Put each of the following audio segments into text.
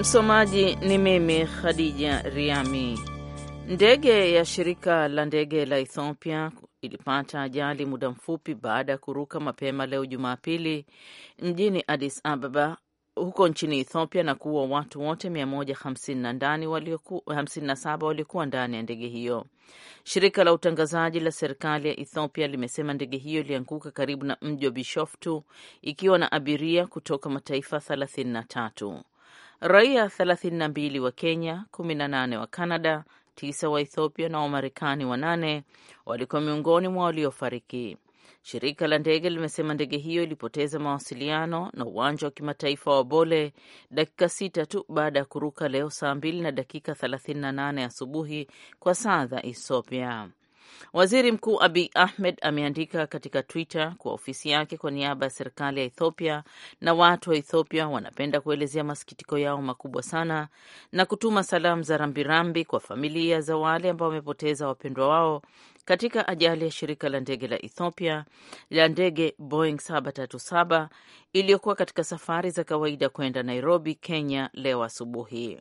Msomaji ni mimi Khadija Riami. Ndege ya shirika la ndege la Ethiopia ilipata ajali muda mfupi baada ya kuruka mapema leo Jumapili mjini Addis Ababa huko nchini Ethiopia na kuua watu wote 157 waliokuwa ndani ya ndege hiyo. Shirika la utangazaji la serikali ya Ethiopia limesema ndege hiyo ilianguka karibu na mji wa Bishoftu ikiwa na abiria kutoka mataifa 33 raia 32 wa Kenya, 18 wa Canada, 9 wa Ethiopia na Wamarekani wanane walikuwa miongoni mwa waliofariki. Shirika la ndege limesema ndege hiyo ilipoteza mawasiliano na uwanja wa kimataifa wa Bole dakika sita tu baada ya kuruka leo saa mbili na dakika 38 asubuhi kwa saa za Ethiopia. Waziri Mkuu abi Ahmed ameandika katika Twitter kwa ofisi yake kwa niaba ya serikali ya Ethiopia na watu wa Ethiopia wanapenda kuelezea masikitiko yao makubwa sana na kutuma salamu za rambirambi kwa familia za wale ambao wamepoteza wapendwa wao katika ajali ya shirika la ndege la Ethiopia la ndege Boeing 737 iliyokuwa katika safari za kawaida kwenda Nairobi, Kenya leo asubuhi.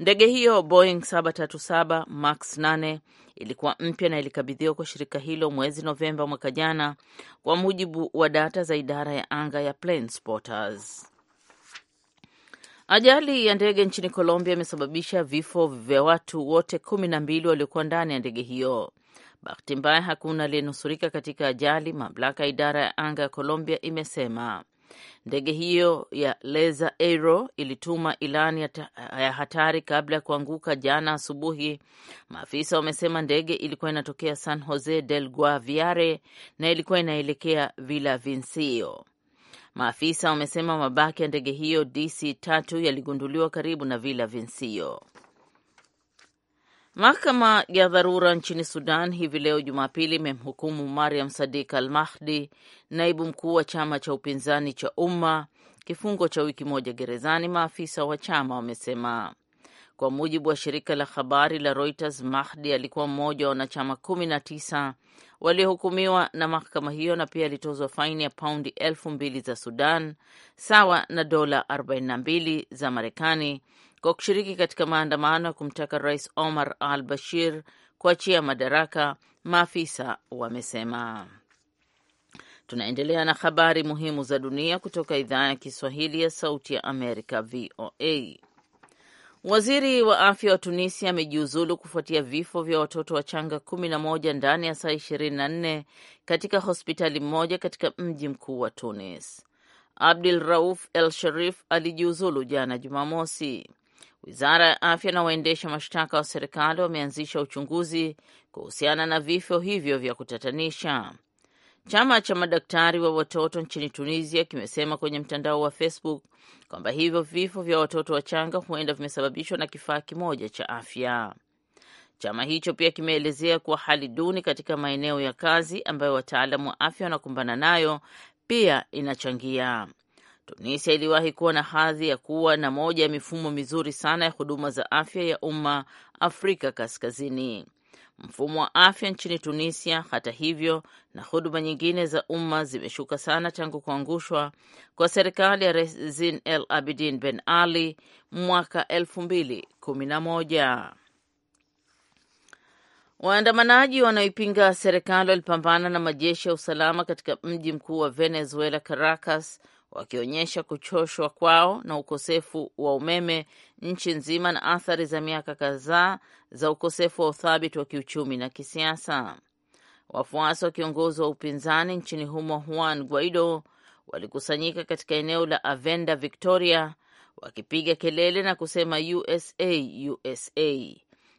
Ndege hiyo Boeing 737 Max 8 ilikuwa mpya na ilikabidhiwa kwa shirika hilo mwezi Novemba mwaka jana, kwa mujibu wa data za idara ya anga ya Planespotters. Ajali ya ndege nchini Colombia imesababisha vifo vya watu wote kumi na mbili waliokuwa ndani ya ndege hiyo. Bahati mbaya hakuna aliyenusurika katika ajali, mamlaka ya idara ya anga ya Colombia imesema. Ndege hiyo ya Leza Aero ilituma ilani ya hatari kabla ya kuanguka jana asubuhi. Maafisa wamesema ndege ilikuwa inatokea San Jose del Guaviare na ilikuwa inaelekea Villa Vincio. Maafisa wamesema mabaki ya ndege hiyo DC tatu yaligunduliwa karibu na Villa Vincio. Mahakama ya dharura nchini Sudan hivi leo Jumapili imemhukumu Mariam Sadik Al Mahdi, naibu mkuu wa chama cha upinzani cha Umma, kifungo cha wiki moja gerezani, maafisa wa chama wamesema. Kwa mujibu wa shirika la habari la Reuters, Mahdi alikuwa mmoja wa wanachama kumi na tisa waliohukumiwa na mahakama hiyo, na pia alitozwa faini ya paundi elfu mbili za Sudan, sawa na dola 42 za Marekani, kwa kushiriki katika maandamano ya kumtaka Rais Omar al Bashir kuachia madaraka, maafisa wamesema. Tunaendelea na habari muhimu za dunia kutoka idhaa ya Kiswahili ya Sauti ya Amerika, VOA. Waziri wa afya wa Tunisia amejiuzulu kufuatia vifo vya watoto wachanga kumi na moja ndani ya saa ishirini na nne katika hospitali moja katika mji mkuu wa Tunis. Abdul Rauf El Sharif alijiuzulu jana Jumamosi. Wizara ya afya na waendesha mashtaka wa serikali wameanzisha uchunguzi kuhusiana na vifo hivyo vya kutatanisha. Chama cha madaktari wa watoto nchini Tunisia kimesema kwenye mtandao wa Facebook kwamba hivyo vifo vya watoto wachanga huenda vimesababishwa na kifaa kimoja cha afya. Chama hicho pia kimeelezea kuwa hali duni katika maeneo ya kazi ambayo wataalamu wa afya wanakumbana nayo pia inachangia. Tunisia iliwahi kuwa na hadhi ya kuwa na moja ya mifumo mizuri sana ya huduma za afya ya umma Afrika Kaskazini. Mfumo wa afya nchini Tunisia, hata hivyo, na huduma nyingine za umma zimeshuka sana tangu kuangushwa kwa serikali ya Rezin El Abidin Ben Ali mwaka moja Waandamanaji wanaoipinga serikali walipambana na majeshi ya usalama katika mji mkuu wa Venezuela, Caracas, wakionyesha kuchoshwa kwao na ukosefu wa umeme nchi nzima na athari za miaka kadhaa za ukosefu wa uthabiti wa kiuchumi na kisiasa. Wafuasi wa kiongozi wa upinzani nchini humo Juan Guaido walikusanyika katika eneo la Avenda Victoria wakipiga kelele na kusema USA USA.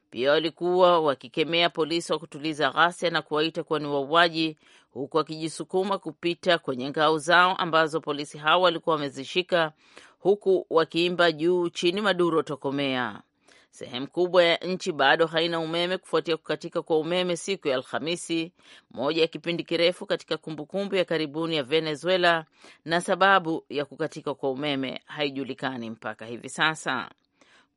Pia walikuwa wakikemea polisi wa kutuliza ghasia na kuwaita kuwa ni wauaji huku wakijisukuma kupita kwenye ngao zao ambazo polisi hao walikuwa wamezishika huku wakiimba juu chini, Maduro tokomea. Sehemu kubwa ya nchi bado haina umeme kufuatia kukatika kwa umeme siku ya Alhamisi, moja ya kipindi kirefu katika kumbukumbu ya karibuni ya Venezuela, na sababu ya kukatika kwa umeme haijulikani mpaka hivi sasa.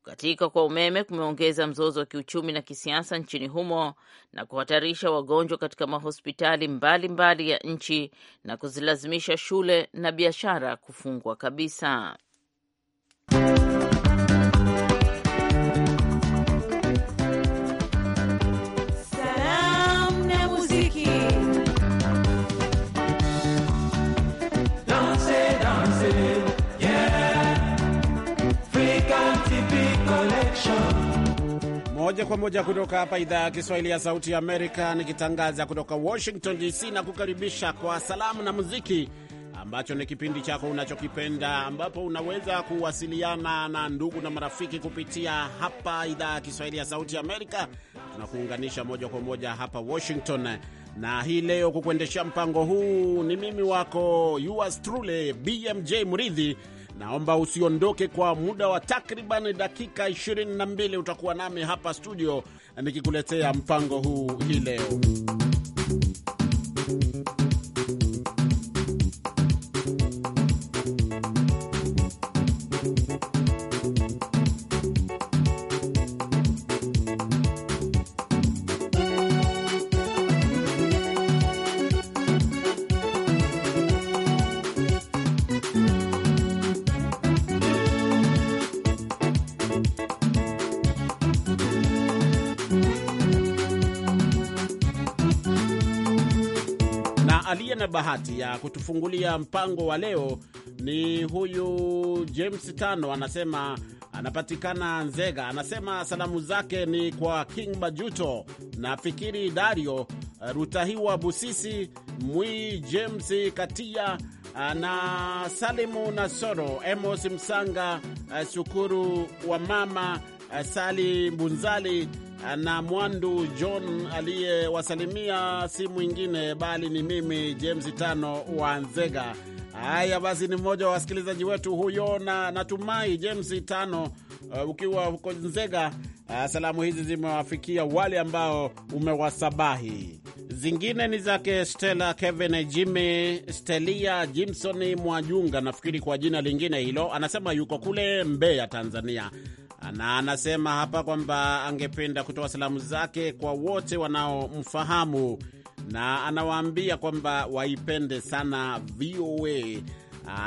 Kukatika kwa umeme kumeongeza mzozo wa kiuchumi na kisiasa nchini humo na kuhatarisha wagonjwa katika mahospitali mbalimbali mbali ya nchi na kuzilazimisha shule na biashara kufungwa kabisa. moja kwa moja kutoka hapa idhaa ya Kiswahili ya Sauti ya Amerika, nikitangaza kutoka Washington DC na kukaribisha kwa salamu na muziki, ambacho ni kipindi chako unachokipenda, ambapo unaweza kuwasiliana na ndugu na marafiki kupitia hapa idhaa ya Kiswahili ya Sauti ya Amerika. Tunakuunganisha moja kwa moja hapa Washington, na hii leo kukuendeshea mpango huu ni mimi wako yours truly BMJ Muridhi Naomba usiondoke kwa muda wa takriban dakika 22. Utakuwa nami hapa studio nikikuletea mpango huu hii leo. aliye na bahati ya kutufungulia mpango wa leo ni huyu James Tano, anasema anapatikana Nzega. Anasema salamu zake ni kwa King Majuto na Fikiri Dario Rutahiwa Busisi Mwi James Katia na Salimu Nasoro Emos Msanga Shukuru wa mama Sali Bunzali na Mwandu John aliyewasalimia si mwingine bali ni mimi James Tano wa Nzega. Haya basi, ni mmoja wa wasikilizaji wetu huyo, na natumai James Tano uh, ukiwa huko Nzega uh, salamu hizi zimewafikia wale ambao umewasabahi. Zingine ni zake Stella Kevin Jimmy Stelia Jimson Mwajunga, nafikiri kwa jina lingine hilo, anasema yuko kule Mbeya, Tanzania na anasema hapa kwamba angependa kutoa salamu zake kwa wote wanaomfahamu na anawaambia kwamba waipende sana VOA.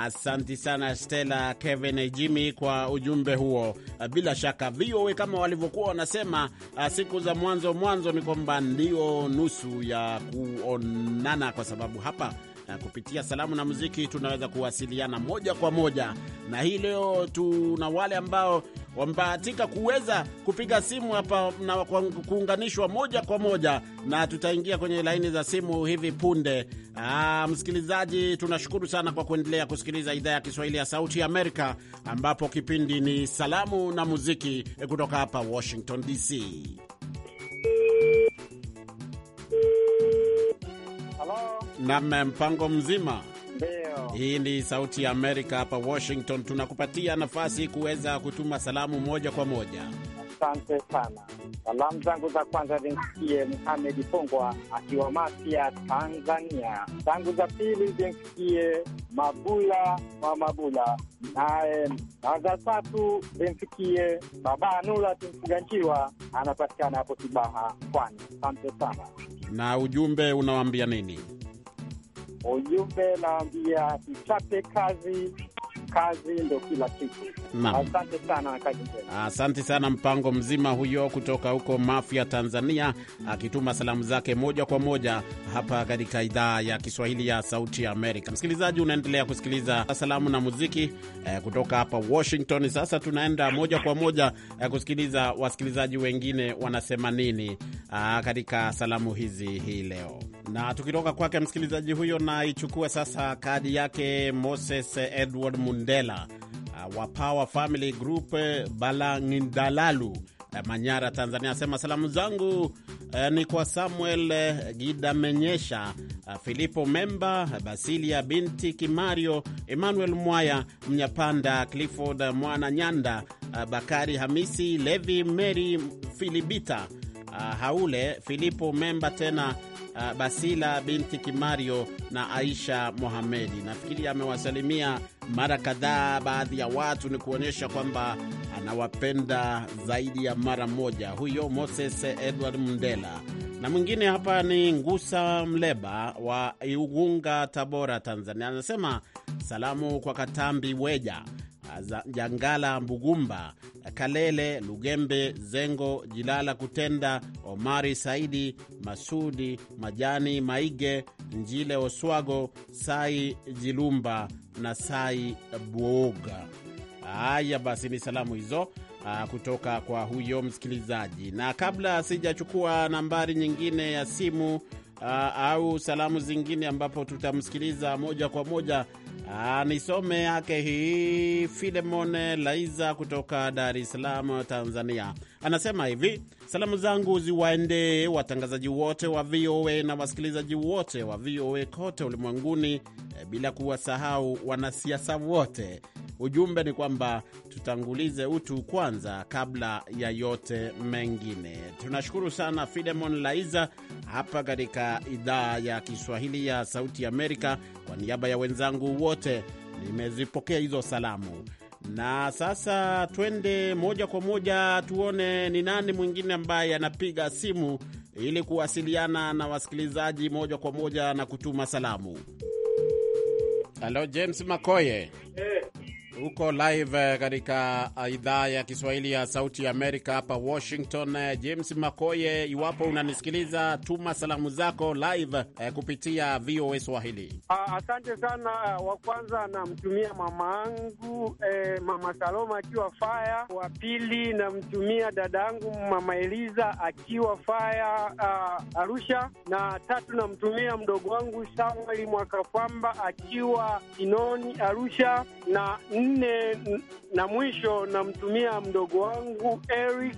Asanti sana Stella, Kevin, Jimmy kwa ujumbe huo. Bila shaka VOA kama walivyokuwa wanasema ah, siku za mwanzo mwanzo, ni kwamba ndio nusu ya kuonana, kwa sababu hapa kupitia salamu na muziki tunaweza kuwasiliana moja kwa moja, na hii leo tuna wale ambao wamebahatika kuweza kupiga simu hapa na kuunganishwa moja kwa moja, na tutaingia kwenye laini za simu hivi punde. Aa, ah, msikilizaji, tunashukuru sana kwa kuendelea kusikiliza idhaa ya Kiswahili ya Sauti Amerika, ambapo kipindi ni salamu na muziki kutoka hapa Washington DC. Hello na mpango mzima. Ndio. Hii ni Sauti ya Amerika hapa Washington, tunakupatia nafasi kuweza kutuma salamu moja kwa moja. Asante sana. Salamu zangu za kwanza zimfikie Muhamedi Pongwa akiwa Mafia, Tanzania. Zangu za pili zimfikie Mabula wa Mabula naye, na za tatu zimfikie Baba Nula Tumfuganjiwa, anapatikana hapo Kibaha, Pwani. Asante sana. Na ujumbe unawaambia nini? ujumbe naambia tuchate kazi, kazi ndo kila kitu. Asante sana, Asante sana mpango mzima huyo kutoka huko Mafia, Tanzania, akituma salamu zake moja kwa moja hapa katika idhaa ya Kiswahili ya Sauti ya Amerika. Msikilizaji, unaendelea kusikiliza salamu na muziki eh, kutoka hapa Washington. Sasa tunaenda moja kwa moja eh, kusikiliza wasikilizaji wengine wanasema nini ah, katika salamu hizi hii leo. Na tukitoka kwake msikilizaji huyo, na ichukue sasa kadi yake Moses Edward Mundela uh, wa Power Family Group uh, Balangindalalu, uh, Manyara, Tanzania, asema salamu zangu eh, ni kwa Samuel Gida Gidamenyesha Filipo Memba, Basilia binti Kimario, Emmanuel Mwaya Mnyapanda, Clifford Mwana Nyanda, Bakari Hamisi Levi, Mary Filibita, Haule Filipo Memba, tena uh, Basila binti Kimario na Aisha Mohamedi. Nafikiri amewasalimia mara kadhaa baadhi ya watu, ni kuonyesha kwamba anawapenda zaidi ya mara moja. Huyo Moses Edward Mndela na mwingine hapa ni Ngusa Mleba wa Igunga, Tabora, Tanzania, anasema salamu kwa Katambi Weja Jangala, Mbugumba, Kalele, Lugembe, Zengo, Jilala, Kutenda, Omari Saidi, Masudi, Majani, Maige, Njile, Oswago, Sai Jilumba na Sai Buoga. Haya basi, ni salamu hizo ah, kutoka kwa huyo msikilizaji, na kabla sijachukua nambari nyingine ya simu Uh, au salamu zingine ambapo tutamsikiliza moja kwa moja Ah, nisome yake hii. Filemone Laiza kutoka Dar es Salaam, Tanzania, anasema hivi: salamu zangu ziwaendee watangazaji wote wa VOA na wasikilizaji wote wa VOA kote ulimwenguni, eh, bila kuwasahau wanasiasa wote Ujumbe ni kwamba tutangulize utu kwanza kabla ya yote mengine. Tunashukuru sana Filemon Laiza hapa katika idhaa ya Kiswahili ya Sauti Amerika. Kwa niaba ya wenzangu wote nimezipokea hizo salamu. Na sasa twende moja kwa moja tuone ni nani mwingine ambaye anapiga simu ili kuwasiliana na wasikilizaji moja kwa moja na kutuma salamu. Halo James Makoye. Hey. Eh, huko live eh, katika eh, idhaa ya Kiswahili ya Sauti ya Amerika hapa Washington. Eh, James Makoye, iwapo unanisikiliza, tuma salamu zako live eh, kupitia VOA Swahili. Ah, asante sana. Wa kwanza namtumia mama angu eh, mama Saloma akiwa faya. Wa pili namtumia dada angu mama Eliza akiwa faya uh, Arusha, na tatu namtumia mdogo wangu Samuel Mwakapamba akiwa Kinoni Arusha, na nne na mwisho namtumia mdogo wangu Eric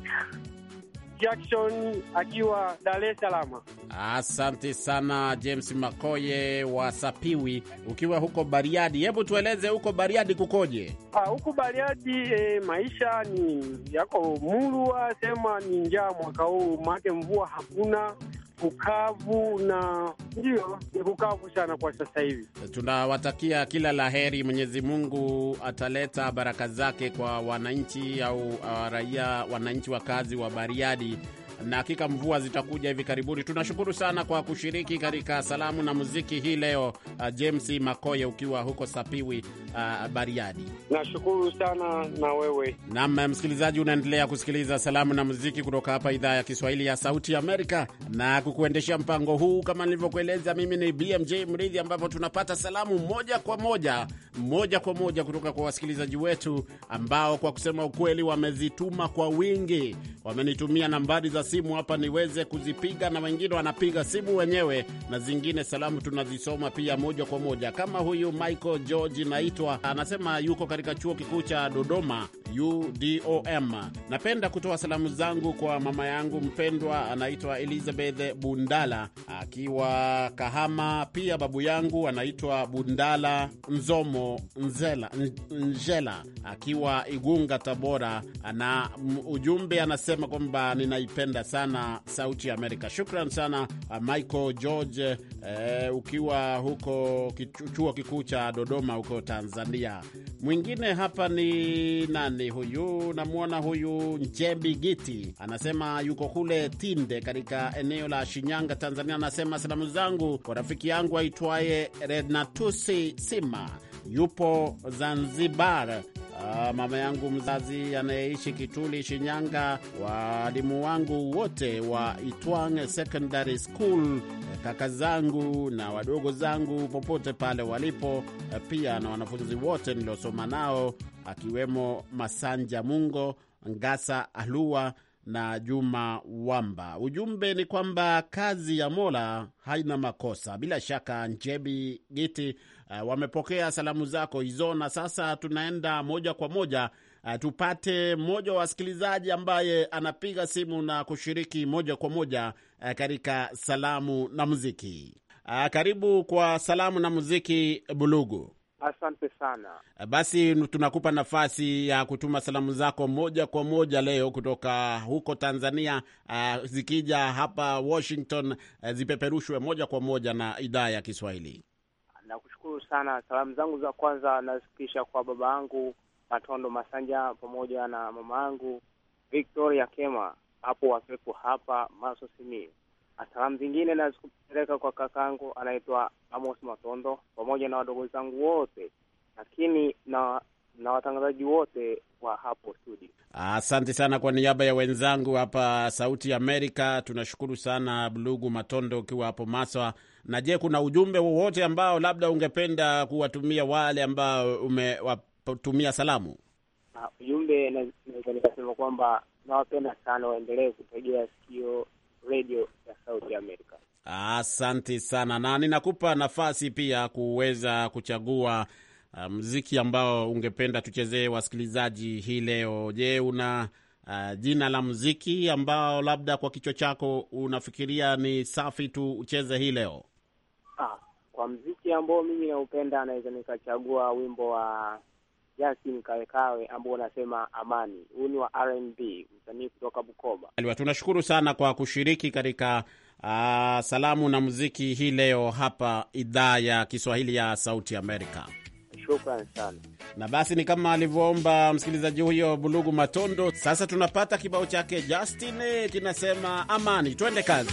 Jackson akiwa Dar es Salaam. Asante sana James Makoye wa Sapiwi, ukiwa huko Bariadi. Hebu tueleze huko Bariadi kukoje? Ha, ah, huku Bariadi e, maisha ni yako murwa, sema ni njaa mwaka huu, make mvua hakuna kukavu na ndio ni kukavu sana kwa sasa hivi. Tunawatakia kila la heri. Mwenyezi Mungu ataleta baraka zake kwa wananchi au uh, raia wananchi wakazi wa Bariadi na hakika mvua zitakuja hivi karibuni. Tunashukuru sana kwa kushiriki katika salamu na muziki hii leo, uh, James Makoye ukiwa huko Sapiwi, uh, Bariadi. Nashukuru sana na wewe nam. Msikilizaji, unaendelea kusikiliza salamu na muziki kutoka hapa idhaa ya Kiswahili ya Sauti Amerika, na kukuendeshea mpango huu kama nilivyokueleza, mimi ni BMJ Mridhi, ambapo tunapata salamu moja kwa moja moja kwa moja kutoka kwa wasikilizaji wetu ambao kwa kusema ukweli wamezituma kwa wingi, wamenitumia nambari za simu hapa niweze kuzipiga, na wengine wanapiga simu wenyewe, na zingine salamu tunazisoma pia moja kwa moja, kama huyu Michael George naitwa, anasema yuko katika chuo kikuu cha Dodoma UDOM. Napenda kutoa salamu zangu kwa mama yangu mpendwa, anaitwa Elizabeth Bundala akiwa Kahama. Pia babu yangu anaitwa Bundala Nzomo Nzela, Njela akiwa Igunga, Tabora, na ujumbe anasema kwamba ninaipenda sana Sauti ya Amerika. Shukran sana Michael George eh, ukiwa huko chuo kikuu cha Dodoma huko Tanzania. Mwingine hapa ni nani? Stanley huyu, namwona huyu Njembi Giti anasema yuko kule Tinde katika eneo la Shinyanga, Tanzania. Anasema salamu zangu kwa rafiki yangu aitwaye Renatusi Sima yupo Zanzibar. Uh, mama yangu mzazi anayeishi Kituli, Shinyanga, waalimu wangu wote wa Itwang Secondary School, kaka zangu na wadogo zangu popote pale walipo, pia na wanafunzi wote niliosoma nao akiwemo Masanja Mungo, Ngasa Alua na Juma Wamba. Ujumbe ni kwamba kazi ya Mola haina makosa. Bila shaka Njebi Giti Uh, wamepokea salamu zako hizo, na sasa tunaenda moja kwa moja uh, tupate mmoja wa wasikilizaji ambaye anapiga simu na kushiriki moja kwa moja uh, katika salamu na muziki. Uh, karibu kwa salamu na muziki Bulugu. Asante sana. Basi tunakupa nafasi ya kutuma salamu zako moja kwa moja leo kutoka huko Tanzania, uh, zikija hapa Washington, uh, zipeperushwe moja kwa moja na idhaa ya Kiswahili nashukuru sana. Salamu zangu za kwanza nazifikisha kwa baba yangu Matondo Masanja pamoja na mama yangu Victoria Kema hapo wakiwepo hapa Masosimi. Salamu zingine nazipeleka kwa kakangu anaitwa Amos Matondo pamoja na wadogo zangu wote, lakini na na watangazaji wote wa hapo studio. Asante sana kwa niaba ya wenzangu hapa Sauti ya Amerika, tunashukuru sana Blugu Matondo ukiwa hapo Maswa. Na je, kuna ujumbe wowote ambao labda ungependa kuwatumia wale ambao umewatumia salamu? Ah, ujumbe naweza nikasema kwamba nawapenda sana, waendelee kutegea sikio redio ya Sauti ya Amerika. Asante sana, na ninakupa nafasi pia kuweza kuchagua Ah, mziki ambao ungependa tuchezee wasikilizaji hii leo. Je, una Uh, jina la mziki ambao labda kwa kichwa chako unafikiria ni safi tu ucheze hii leo? Ah, kwa mziki ambao mimi naupenda naweza nikachagua wimbo wa Justin Kawekawe ambao unasema Amani. Huu ni wa R&B, msanii kutoka Bukoba. Tunashukuru sana kwa kushiriki katika uh, salamu na muziki hii leo hapa idhaa ya Kiswahili ya Sauti Amerika. Shukran sana. Na basi ni kama alivyoomba msikilizaji huyo Bulugu Matondo. Sasa tunapata kibao chake Justin eh, kinasema Amani. Twende kazi.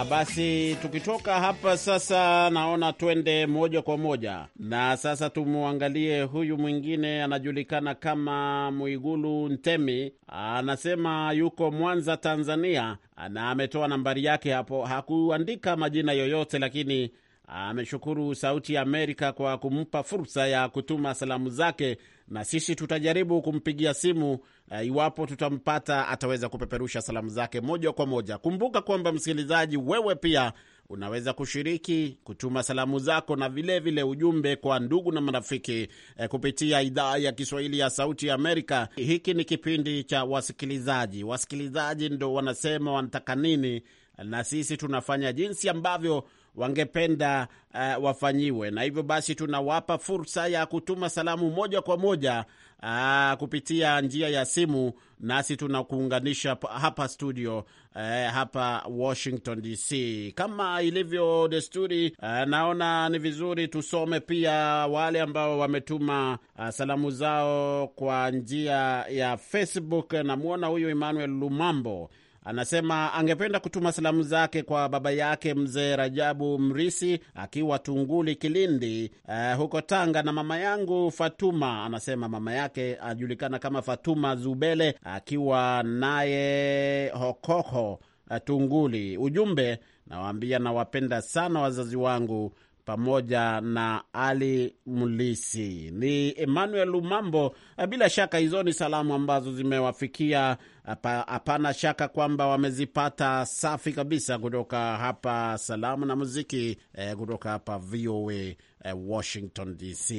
Ah, basi tukitoka hapa sasa, naona twende moja kwa moja na sasa tumwangalie huyu mwingine, anajulikana kama Mwigulu Ntemi. Anasema yuko Mwanza, Tanzania, na ametoa nambari yake hapo, hakuandika majina yoyote, lakini ameshukuru Sauti ya Amerika kwa kumpa fursa ya kutuma salamu zake, na sisi tutajaribu kumpigia simu uh, iwapo tutampata, ataweza kupeperusha salamu zake moja kwa moja. Kumbuka kwamba msikilizaji, wewe pia unaweza kushiriki kutuma salamu zako na vilevile vile ujumbe kwa ndugu na marafiki eh, kupitia idhaa ya Kiswahili ya Sauti ya Amerika. Hiki ni kipindi cha wasikilizaji. Wasikilizaji ndo wanasema wanataka nini, na sisi tunafanya jinsi ambavyo wangependa uh, wafanyiwe, na hivyo basi tunawapa fursa ya kutuma salamu moja kwa moja uh, kupitia njia ya simu, nasi tunakuunganisha hapa studio uh, hapa Washington DC kama ilivyo desturi. Uh, naona ni vizuri tusome pia wale ambao wametuma uh, salamu zao kwa njia ya Facebook. Namwona huyu Emmanuel Lumambo Anasema angependa kutuma salamu zake kwa baba yake mzee Rajabu Mrisi akiwa Tunguli Kilindi, uh, huko Tanga, na mama yangu Fatuma. Anasema mama yake ajulikana kama Fatuma Zubele akiwa naye Hokoho uh, Tunguli. Ujumbe nawaambia, nawapenda sana wazazi wangu pamoja na Ali Mlisi. Ni Emmanuel Lumambo. Eh, bila shaka hizo ni salamu ambazo zimewafikia hapana shaka kwamba wamezipata safi kabisa kutoka hapa salamu na muziki eh, kutoka hapa VOA eh, Washington DC.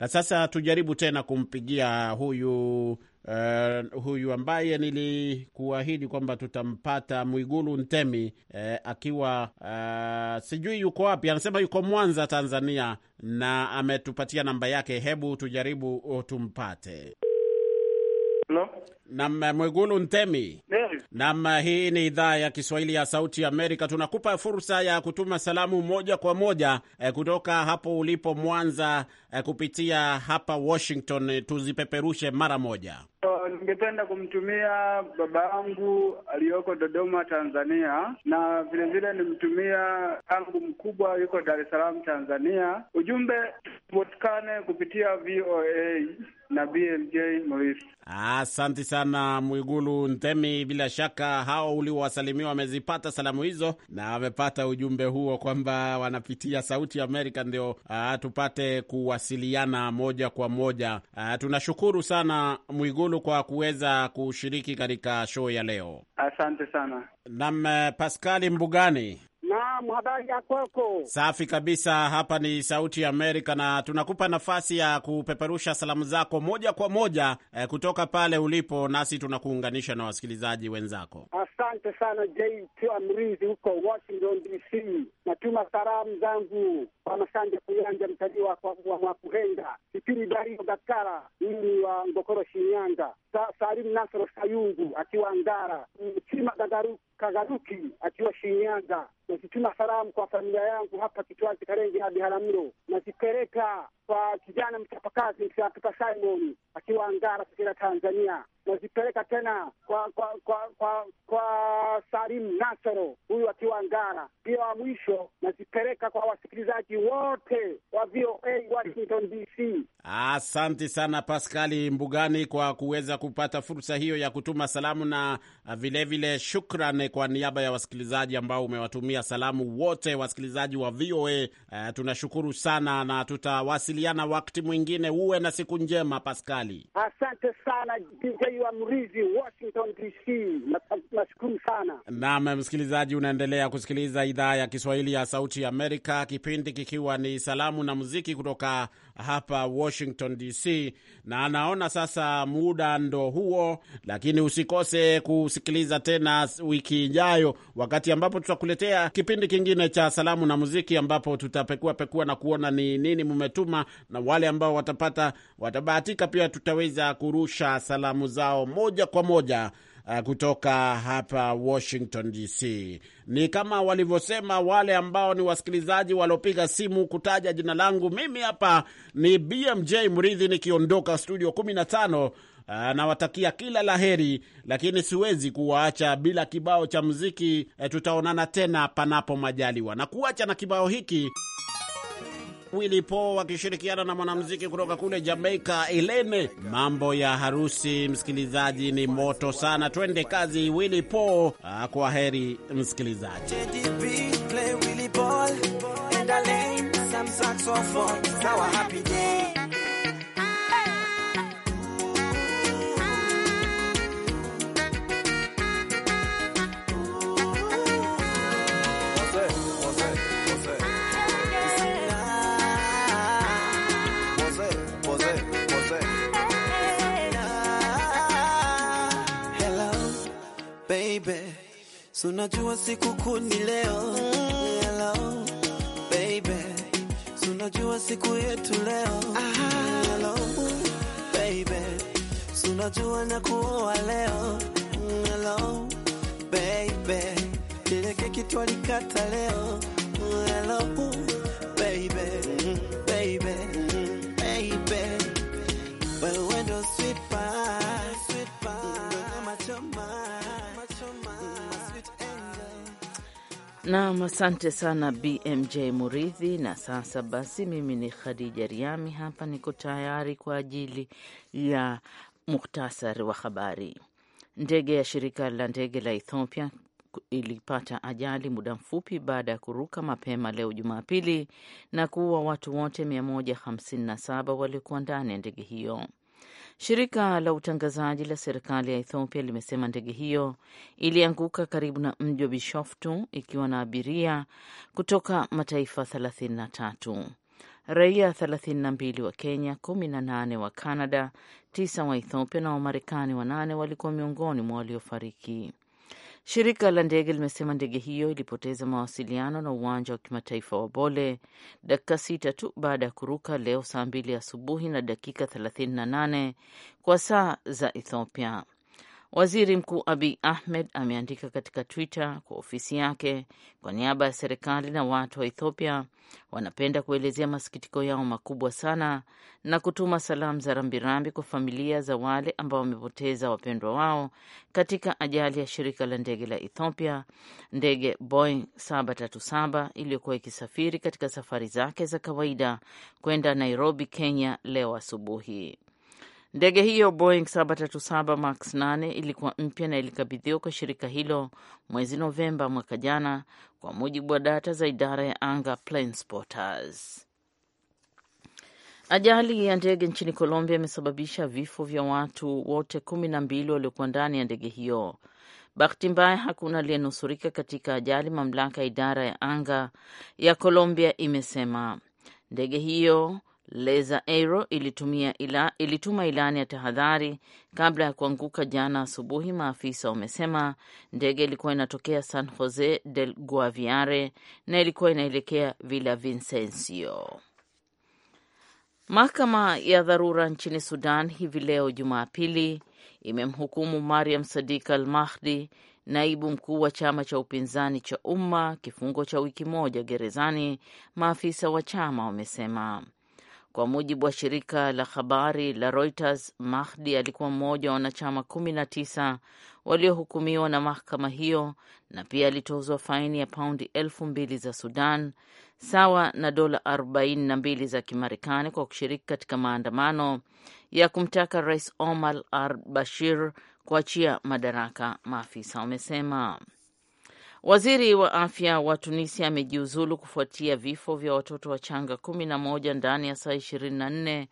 Na sasa tujaribu tena kumpigia huyu Uh, huyu ambaye nilikuahidi kwamba tutampata Mwigulu Ntemi eh, akiwa uh, sijui yuko wapi, anasema yuko Mwanza, Tanzania, na ametupatia namba yake. Hebu tujaribu oh, tumpate. Hello? Nam eh, Mwigulu Ntemi. Nam, eh, hii ni idhaa ya Kiswahili ya Sauti Amerika. Tunakupa fursa ya kutuma salamu moja kwa moja eh, kutoka hapo ulipo Mwanza eh, kupitia hapa Washington eh, tuzipeperushe mara moja. Ningependa kumtumia baba yangu aliyoko Dodoma, Tanzania, na vilevile nimtumia yangu mkubwa yuko Dar es Salaam, Tanzania, ujumbe tupatikane kupitia VOA na BMJ Asante sana na Mwigulu ntemi bila shaka hao uliowasalimia wamezipata salamu hizo na wamepata ujumbe huo kwamba wanapitia Sauti ya Amerika ndio uh, tupate kuwasiliana moja kwa moja. Uh, tunashukuru sana Mwigulu kwa kuweza kushiriki katika show ya leo, asante sana. Nam Paskali Mbugani, Naam, habari ya kwako? Safi kabisa. Hapa ni Sauti ya Amerika na tunakupa nafasi ya kupeperusha salamu zako moja kwa moja eh, kutoka pale ulipo, nasi tunakuunganisha na wasikilizaji wenzako. Asante sana Jay, Amrizi huko Washington DC natuma salamu Zangu kwa masanja Kuyanja mtalii wa Mwakuhenga Sipiri Dario Gakara ini wa Ngokoro Shinyanga Sa, Salimu Nasoro Sayungu akiwa Ngara Mtima Kagaruki akiwa Shinyanga. Nazituma salamu kwa familia yangu hapa Kitwazi Karenge hadi Haramlo, nazipeleka kwa kijana mchapakazi Msapika Simon akiwa Ngara Kagera Tanzania. Nazipeleka tena kwa kwa kwa kwa, kwa Salimu Nasoro huyu akiwa Ngara. Pia wa mwisho nazipeleka kwa wasikilizaji wote wa VOA Washington DC. Asante sana Paskali Mbugani kwa kuweza kupata fursa hiyo ya kutuma salamu na vilevile vile shukran kwa niaba ya wasikilizaji ambao umewatumia salamu wote wasikilizaji wa VOA. Uh, eh, tunashukuru sana na tutawasiliana wakati mwingine. Uwe na siku njema Paskali. Asante sana DJ wa Mrizi, Washington DC. Nashukuru sana. Naam msikilizaji, unaendelea kusikiliza idhaa ya Kiswahili Kiswahili ya Sauti ya Amerika, kipindi kikiwa ni salamu na muziki kutoka hapa Washington DC. Na anaona sasa muda ndo huo, lakini usikose kusikiliza tena wiki ijayo, wakati ambapo tutakuletea kipindi kingine cha salamu na muziki, ambapo tutapekua pekua na kuona ni nini mmetuma, na wale ambao watapata watabahatika pia tutaweza kurusha salamu zao moja kwa moja Ah, kutoka hapa Washington DC. Ni kama walivyosema wale ambao ni wasikilizaji waliopiga simu kutaja jina langu. Mimi hapa ni BMJ Mridhi nikiondoka studio 15 ah, nawatakia kila la heri, lakini siwezi kuwaacha bila kibao cha muziki. Eh, tutaonana tena panapo majaliwa, na kuacha na kibao hiki. Willy Paul wakishirikiana na mwanamuziki kutoka kule Jamaica Elene. Mambo ya harusi, msikilizaji, ni moto sana. Twende kazi, Willy Paul. Ah, kwa heri, msikilizaji. play Willy Paul, Sunajua siku kuu ni leo, Hello, baby. Sunajua siku yetu leo. hello, baby. Sunajua na kuoa leo. hello, baby. Kile keki twalikata leo. hello, baby. Baby, baby. Well, when Wewe sweet Naam, asante sana BMJ Muridhi. Na sasa basi, mimi ni Khadija Riami, hapa niko tayari kwa ajili ya muhtasari wa habari. Ndege ya shirika la ndege la Ethiopia ilipata ajali muda mfupi baada ya kuruka mapema leo Jumapili na kuua watu wote 157 waliokuwa ndani ya ndege hiyo. Shirika la utangazaji la serikali ya Ethiopia limesema ndege hiyo ilianguka karibu na mji wa Bishoftu ikiwa na abiria kutoka mataifa 33 raia 32 wa Kenya, 18 wa Canada, 9 wa Ethiopia na Wamarekani wanane walikuwa miongoni mwa waliofariki. Shirika la ndege limesema ndege hiyo ilipoteza mawasiliano na uwanja wa kimataifa wa Bole dakika sita tu baada ya kuruka leo saa mbili asubuhi na dakika 38 kwa saa za Ethiopia. Waziri Mkuu Abiy Ahmed ameandika katika Twitter kwa ofisi yake, kwa niaba ya serikali na watu wa Ethiopia, wanapenda kuelezea masikitiko yao makubwa sana na kutuma salamu za rambirambi kwa familia za wale ambao wamepoteza wapendwa wao katika ajali ya shirika la ndege la Ethiopia, ndege Boeing 737 iliyokuwa ikisafiri katika safari zake za kawaida kwenda Nairobi, Kenya leo asubuhi. Ndege hiyo Boeing 737 Max 8 ilikuwa mpya na ilikabidhiwa kwa shirika hilo mwezi Novemba mwaka jana, kwa mujibu wa data za idara ya anga Planespotters. Ajali ya ndege nchini Colombia imesababisha vifo vya watu wote kumi na mbili waliokuwa ndani ya ndege hiyo. Bahati mbaya hakuna aliyenusurika katika ajali, mamlaka ya idara ya anga ya Colombia imesema. Ndege hiyo Leza Aero ilitumia ila, ilituma ilani ya tahadhari kabla ya kuanguka jana asubuhi, maafisa wamesema. Ndege ilikuwa inatokea San Jose del Guaviare na ilikuwa inaelekea Villa vincencio Mahakama ya dharura nchini Sudan hivi leo Jumapili imemhukumu Mariam Sadik Al Mahdi, naibu mkuu wa chama cha upinzani cha Umma, kifungo cha wiki moja gerezani, maafisa wa chama wamesema. Kwa mujibu wa shirika la habari la Reuters, Mahdi alikuwa mmoja wa wanachama kumi na tisa waliohukumiwa na mahakama hiyo na pia alitozwa faini ya paundi elfu mbili za Sudan sawa na dola arobaini na mbili za Kimarekani kwa kushiriki katika maandamano ya kumtaka Rais Omar al Bashir kuachia madaraka, maafisa wamesema. Waziri wa afya wa Tunisia amejiuzulu kufuatia vifo vya watoto wachanga kumi na moja ndani ya saa ishirini na nne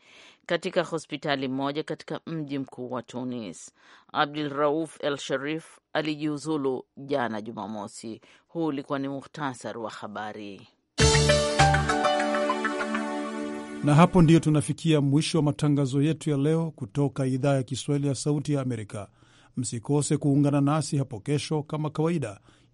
katika hospitali moja katika mji mkuu wa Tunis. Abdul Rauf El Sharif alijiuzulu jana Jumamosi. Huu ulikuwa ni muhtasari wa habari, na hapo ndiyo tunafikia mwisho wa matangazo yetu ya leo kutoka idhaa ya Kiswahili ya Sauti ya Amerika. Msikose kuungana nasi hapo kesho kama kawaida